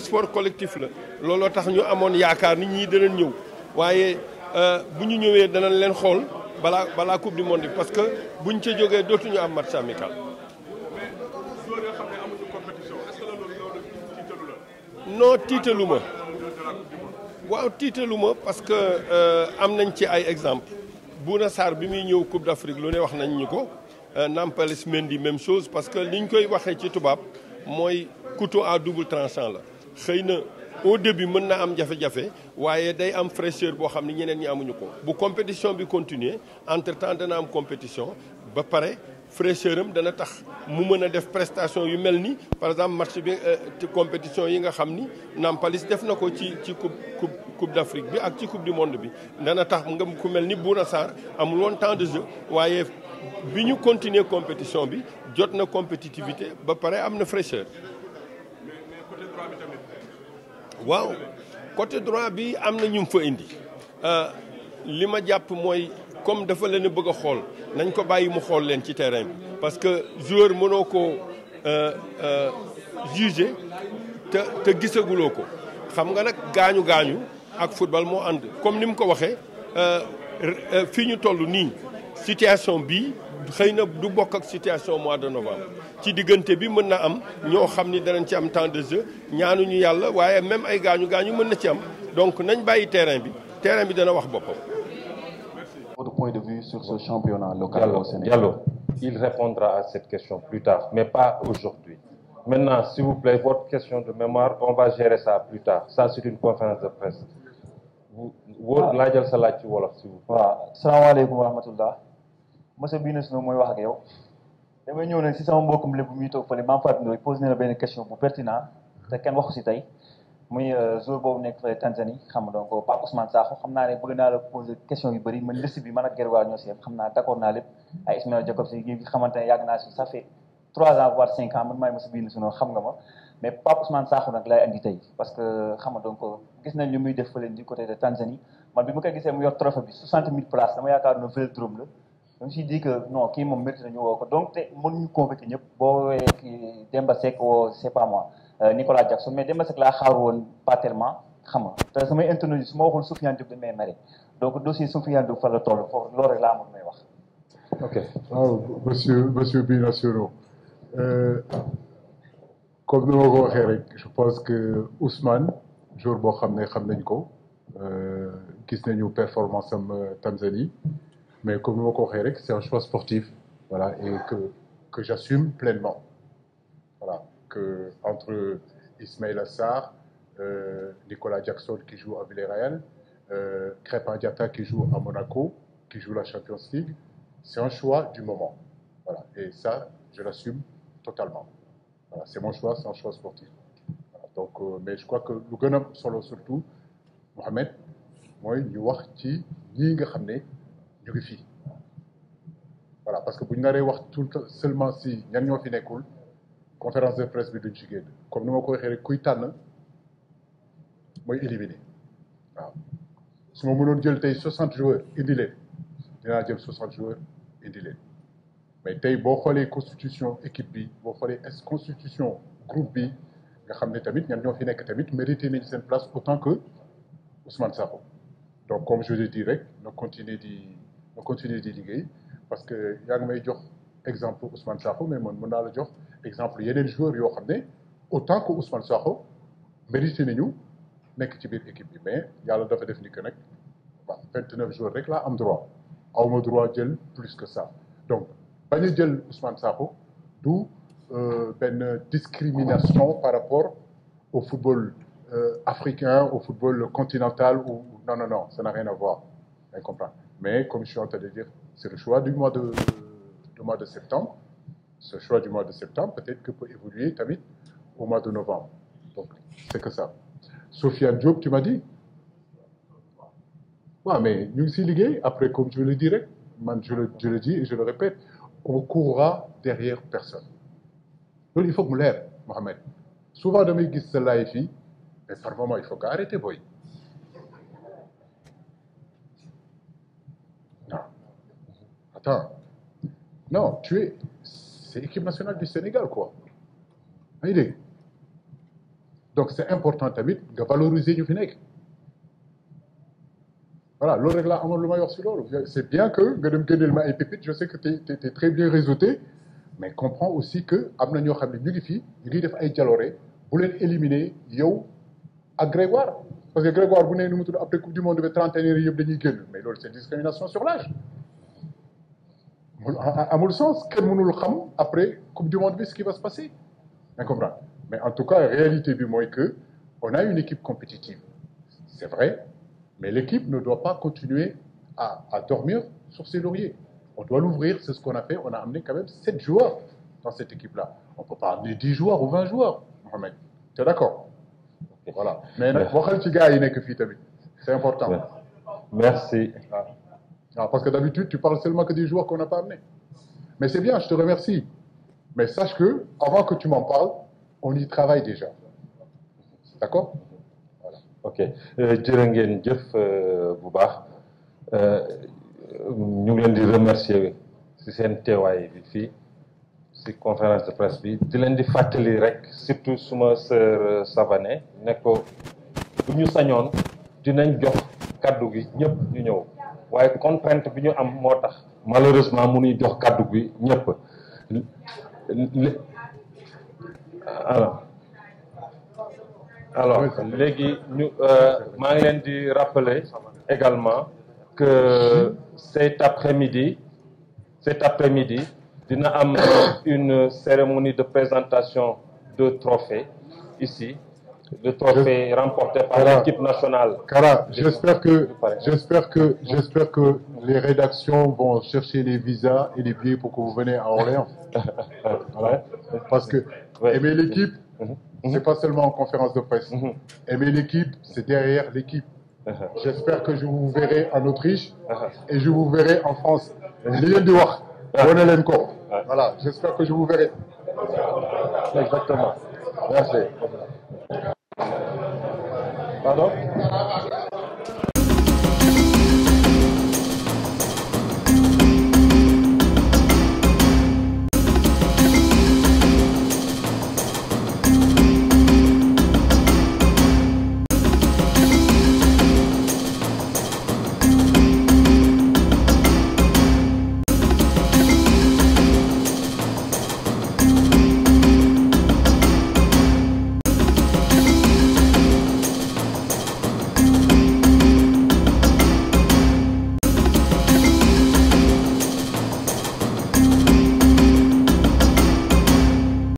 sport collectif la looloo tax ñu amoon yaakaar nit ñi danañ ñëw waaye euh, bu ñu ñëwee danañ leen xool balaa balaa coupe du monde bi parce que buñ ca jógee dootuñu am match amical. non tiitalu ma waaw tiitalu ma parce que euh, am nañ ci ay exemple Bouna Sarr bi muy ñëw Coupe d'Afrique lu ne wax nañ ñu ko euh, Nampalys Mendy même chose parce que ñu koy waxee ci tubaab mooy couteau à double tranchant la xëy na au début mën na am jafe-jafe waaye day am fraîcheur boo xam ne ñeneen ñi amuñu ko bu compétition bi continuer entre temps dana am compétition ba pare fraîcheur am dana tax mu mën a def prestation yu mel ni par exemple match bi euh, compétition yi nga xam ni Nampalis def na ko ci ci coupe coupe coupe d'Afrique bi ak ci coupe du monde bi dana tax nga ku mel ni Bouna Sarr amul woon temps de jeu waaye bi ñu continuer compétition bi jot na compétitivité ba pare am na fraîcheur waaw côté droit bi am na ñu fa indi euh, li ma jàpp mooy comme dafa leen bëgg xool nañ ko bàyyi mu xool leen ci terrain parce que joueur mënoo ko euh, euh, juger te te gisaguloo ko xam nga nag gaañu gaañu ak football moo ànd comme ni mu ko waxee fii ñu toll nii situation bii xëy na du bokk ak situation mois de novembre ci diggante bi mën na am ñoo xam ni danañ ci am temps de ñaanu ñu yàlla waaye même ay gaañu gaañu mën na ci am donc nañ bàyyi terrain bi terrain bi dana wax boppam. votre point de vue sur ce championnat local Diallo, au Sénégal Diallo, il répondra à cette question plus tard mais pas aujourd'hui maintenant si vous plaît votre question de mémoire on va gérer ça plus tard ça c'est une conférence de presse. wóor ah. laajal sa laaj ci wolof s'il vous plaît. waaw salaamaaleykum wa rahmatullah monsieur Binous mooy wax ak yow na la benn question bu pertinent te kenn waxu si tey muy euh, ñoo si xam naa d'accord naa lépp ay si gi ne yàgg naa si ça fait trois ans tey parce que xam nga donc gis nañ li muy def fële du côté de Tanzanie man bi ma koy gisee mu yor trophée bi 60 000 places dama yaakaar ne Vélodrome la je me suis kii moom mérite nañu woo ko donc te mënuñu convaincre ñëpp boo woowee kii Demba Seck woo c'est pas moi euh, Nicolas Jackson mais Demba Seck laa xaar woon pas tellement xam nga te samay su ma waxul Soufiane Diop dañ may mere donc dossier Soufiane Diop fa la toll foofu loolu rek laa amoon may wax. ok waaw monsieur monsieur binationaux euh, comme ni ma ko waxee rek je pense que Ousmane jour boo xam ne xam nañ ko euh, gis nañu performance am Tanzanie. mais comme ma ko waxee rek c'est un choix sportif voilà et que que j'assume pleinement voilà que entre Ismaïla Sarr euh, Nicolas Jackson qui joue à Villarreal euh, Crépin Diatta qui joue à Monaco qui joue la Champions League c'est un choix du moment voilà et ça je l'assume totalement voilà c'est mon choix c'est un choix sportif voilà, donc euh, mais je crois que lu gën a solo surtout Mohamed mooy ñu wax ci ñii nga xam ne. jóge fi voilà parce que bu ñu naree wax tout le temps si ñan ñoo fi nekkul conférence de presse bi duñ ci génn comme ni ma ko waxee rek kuy tànn mooy éliminé waaw su ma mënoon jël tey 60 joueurs indi leen dinaa jël 60 mais tey boo xoolee constitution équipe bi boo xoolee est constitution bi nga xam ne tamit ñan ñoo fi nekk tamit mérité nañ seen place autant que Ousmane Sakho donc comme je l'ai rek na continuer di. ma continuer di liggéey parce que yaa ngi jox exemple Ousmane Sakho mais man mën naa la jox exemple yeneen joueurs yoo xam ne autant que Ousmane Sakho mérité nañu nekk ci biir équipe bi mais yàlla dafa def ni que nag waaw vingt neuf joueurs rek laa am droit a ma droit jël plus que ça donc bañ a jël Ousmane Sakho du euh, benn discrimination par rapport au football euh, africain au football continental ou non non ça n'a rien à voir Mais comme je suis en train de dire, c'est le choix du mois de, du mois de septembre. Ce choix du mois de septembre, peut-être que peut évoluer tamit au mois de novembre. Donc, c'est que ça. Sofiane Diop, tu m'as dit Oui, mais nous sommes ligués. Après, comme je le dirais, je le, je le dis et je le répète, on courra derrière personne. Donc, il faut que nous l'air, Mohamed. Souvent, je me dis, c'est là et mais par moment, il faut qu'arrêter, boy. Attends. Non, tu es. C'est l'équipe nationale du Sénégal, quoi. idée. Donc c'est important tamit nga valoriser ñu fi nekk. voilà loolu rek laa amoon lu may wax si loolu c'est bien que nga dem génneel ma ay pépites je sais que t'es t'es, t'es très bien réseauté mais comprends aussi que am na ñoo xam ne ñu ngi fii ñu ngi def ay jaloore bu leen éliminer yow ak Grégoire parce que Grégoire bu nee nu mu tudd après coupe du monde bi trente et un yëpp dañuy génn mais loolu c'est discrimination sur l'âge amul sens kenn mënul xam après coupe du monde bi ce qui va se passer nga comprendre mais en tout cas réalité bi mooy que on a une équipe compétitive c'est vrai mais l'équipe ne doit pas continuer à à dormir sur ses lauriers on doit l'ouvrir c'est ce qu'on a fait on a amené quand même sept joueurs dans cette équipe là on peut pas amener dix joueurs ou vingt joueurs Mohamed tu es d'accord voilà mais nag waxal ci gars yi nekk fii tamit c'est important merci ah. Alors, ah, parce que d'habitude, tu parles seulement que des joueurs qu'on n'a pas amenés. Mais c'est bien, je te remercie. Mais sache que, avant que tu m'en parles, on y travaille déjà. D'accord voilà. Ok. Euh, jërë ngeen jëf euh, bu baax euh, ñu ngi leen di remercier si seen teewaay bi fii si conférence de presse bi di leen di fàttali rek surtout suma sœur Savané ne ko bu ñu sañoon dinañ jox kaddu gi ñëpp ñu ñëw. waaye contrainte bi ñu am moo tax malheureusement munuy jox kàddu bi ñëpp alors alors léegi ñu euh, maa ngi leen di rappeler également que cet après-midi cet après-midi dina am une cérémonie de présentation de trophées ici le trophée par l'équipe nationale. j'espère que, j'espère que, les rédactions vont chercher les visas et les billets pour que vous venez à Orléans. Parce que aimer l'équipe, mhm. Mhm. c'est pas seulement en conférence de presse. Mhm. Aimer l'équipe, c'est derrière l'équipe. J'espère que je vous verrai en Autriche et je vous verrai en France. Li ngeen di wax, wane j'espère que je vous verrai. Exactement. Pardon